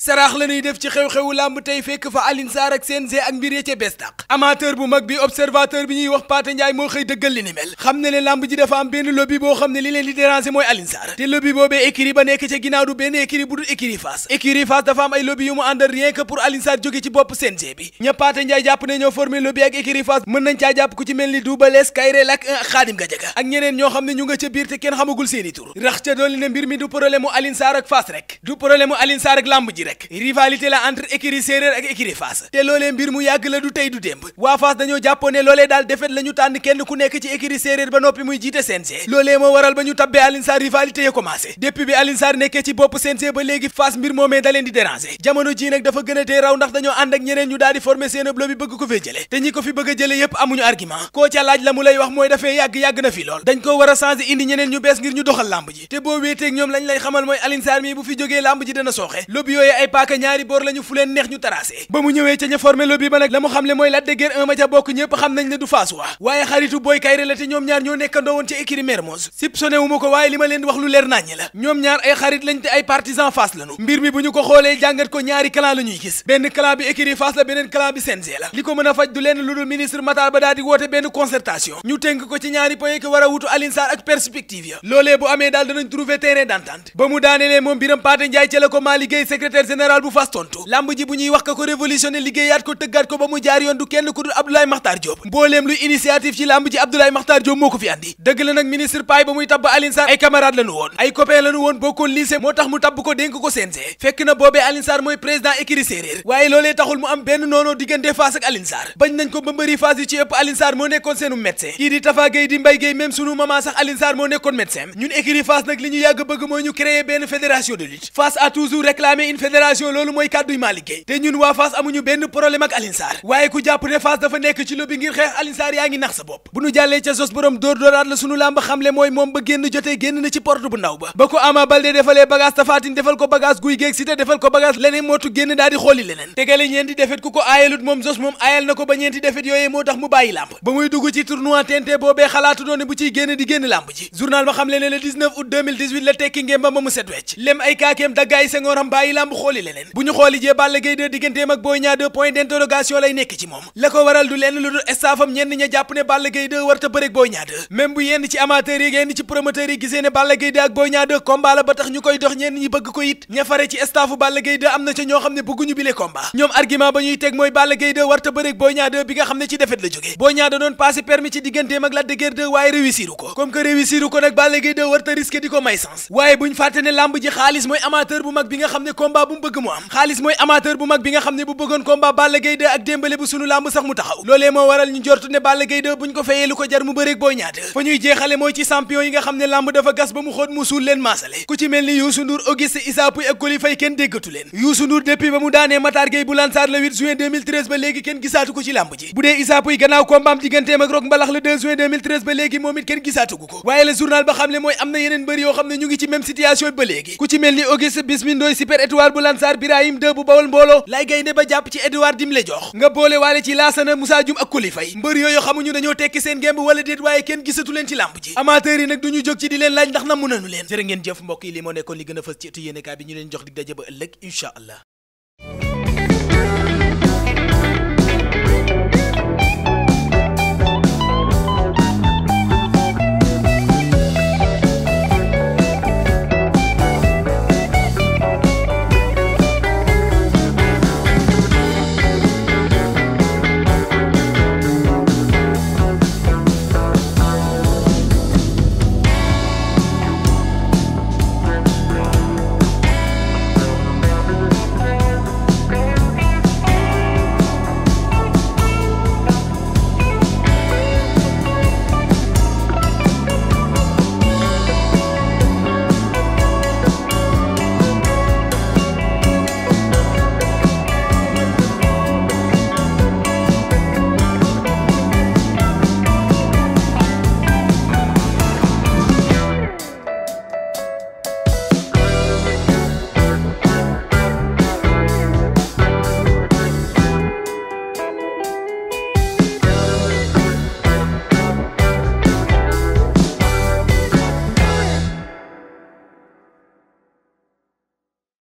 saraax la ñuy def ci xew-xewu làmb tey fekk fa Alioune Sarr ak CNG ak mbir ya ca bees amateur bu mag bi observateur bi ñuy wax Paate Njaay moo xëy dëggal li ni mel xam ne ne làmb ji dafa am benn lobby boo xam ne li leen di déranger mooy Alioune Sarr te lobby boobee écurie ba nekk ca ginnaaw du benn écurie bu dul écurie Fass écurie Fass dafa am ay lobby yu mu àndal rien que pour Alioune jóge ci bopp CNG bi ña Paate Njaay jàpp ne ñoo formé lobby ak écurie ñoo xam ne ñu nga ca biir te kenn xamagul seeni tur rax ca dooli ne mbir rivalité la entre écurie séeréer ak écurie Fass te loolee mbir mu yàgg la du tey du démb waa Fass dañoo jàppoon ne loolee daal defet la tànn kenn ku nekk ci écurie séeréer ba noppi muy jiite CNG loolee moo waral ba ñu tabbee Alioune rivalité ya commencé depuis bi Alioune nekkee ci bopp CNG ba léegi Fass mbir moomee da di déranger jamono ji dafa gën a tee raw ndax dañoo ànd ak ñeneen ñu daal di former seen bi bëgg ko fee jële te ñi ko a jële yépp ay paaka ñaari boor lañu fu leen neex ñu tracé ba mu ñëwee ca ña formé lobby ba nag la mu xam le mooy Lac de Guiers ca bokk ñëpp xam nañ ne du faas wa waaye xaritu Boy Kayre la te ñoom ñaar ñoo nekkandoo woon ca écurie Mermoz sipsoné wu ko waaye li ma leen wax lu leer naññi la ñoom ñaar ay xarit lañ te ay partisan faas lañu mbir mi bu ñu ko xoolee jàngat ko ñaari clan la gis benn clan bi écurie Fass la beneen clan bi CNG la a faj du leen lu dul ministre général bu Fass tontu lamb ji bu ñuy wax ka ko révolutionné liggéeyaat ko tëggaat ko ba mu jaar yoon du kenn ku dul Abdoulaye Makhtar mbooleem luy initiative ci lamb ji Abdoulaye Makhtar Diop moo ko fi andi dëgg la nag ministre Paye ba muy tabb Alioune ay camarade lañu woon ay copain lañu woon bokkoon lycée moo tax mu tabb ko dénk ko CNG fekk na boobee Alioune mooy président écurie Séeréer waaye loolee taxul mu am benn noonoo diggante Fass ak Alioune Libération loolu mooy kàdduy Malick Gueye te ñun waa Fass amuñu benn problème ak Alioune waaye ku jàpp ne Fass dafa nekk ci lobby ngir xeex Alioune yaa ngi nax sa bopp bu ñu jàllee ca sos borom dóor dooraat la sunu làmb xamle mooy moom ba génn jotee génn na ci porte bu ndaw ba ba ko Ama Baldé defalee bagage tafaatin defal ko bagage guy géeg si te defal ko bagage leneen mootu génn daal xooli leneen tegale ñeenti defet ku ko aayalut moom sos moom aayal xooli bu ñu xooli jee Balla digganteem ak Boy Niang point d'interrogation lay nekk ci moom la ko waral du lenn lu dul staffam ñenn ña jàpp ne Balla Gaye warta bëre Boy Niang 2 bu yenn ci amateurs yi yenn ci promoteurs yi gisee ne Balla Gaye ak Boy Niang 2 la ba tax ñu koy dox ñenn ñi bëgg ko it ña fare ci staffu Balla Gaye am na ca ñoo xam ne bëgguñu bile combat ñoom argument ba ñuy teg mooy Balla Gaye warta bëre Boy Niang bi nga mu ba mu daanee Matar Gueye bu Lansar le 8 juin ba léegi kenn gisaatu ko ci làmb ji bu dee Issa Pouye gannaaw combat digganteem ak Rock Mbalax le 2 juin ba léegi moom it kenn gisaatugu ko waaye le journal ba xam ne mooy am na yeneen mbër yoo xam ne ñu ngi ci même situation ba léegi ku ci mel ni Auguste Bismi Ndoye super étoile Lansar Birahim Deux bu bawal mbooloo lay gaynde ba jàpp ci Edouard Dim le jox nga boole waale ci Laasana Moussa Dioum ak Kuli mbër yooyu xamuñu dañoo tekki seen gémb wala déet waaye kenn gisatu leen ci làmb ji amateurs yi nag duñu jóg ci di leen laaj ndax namu nañu leen jërë ngeen jëf mbokk yi nekkoon li gën fës ci ëttu bi ñu leen jox dig daje ba ëllëg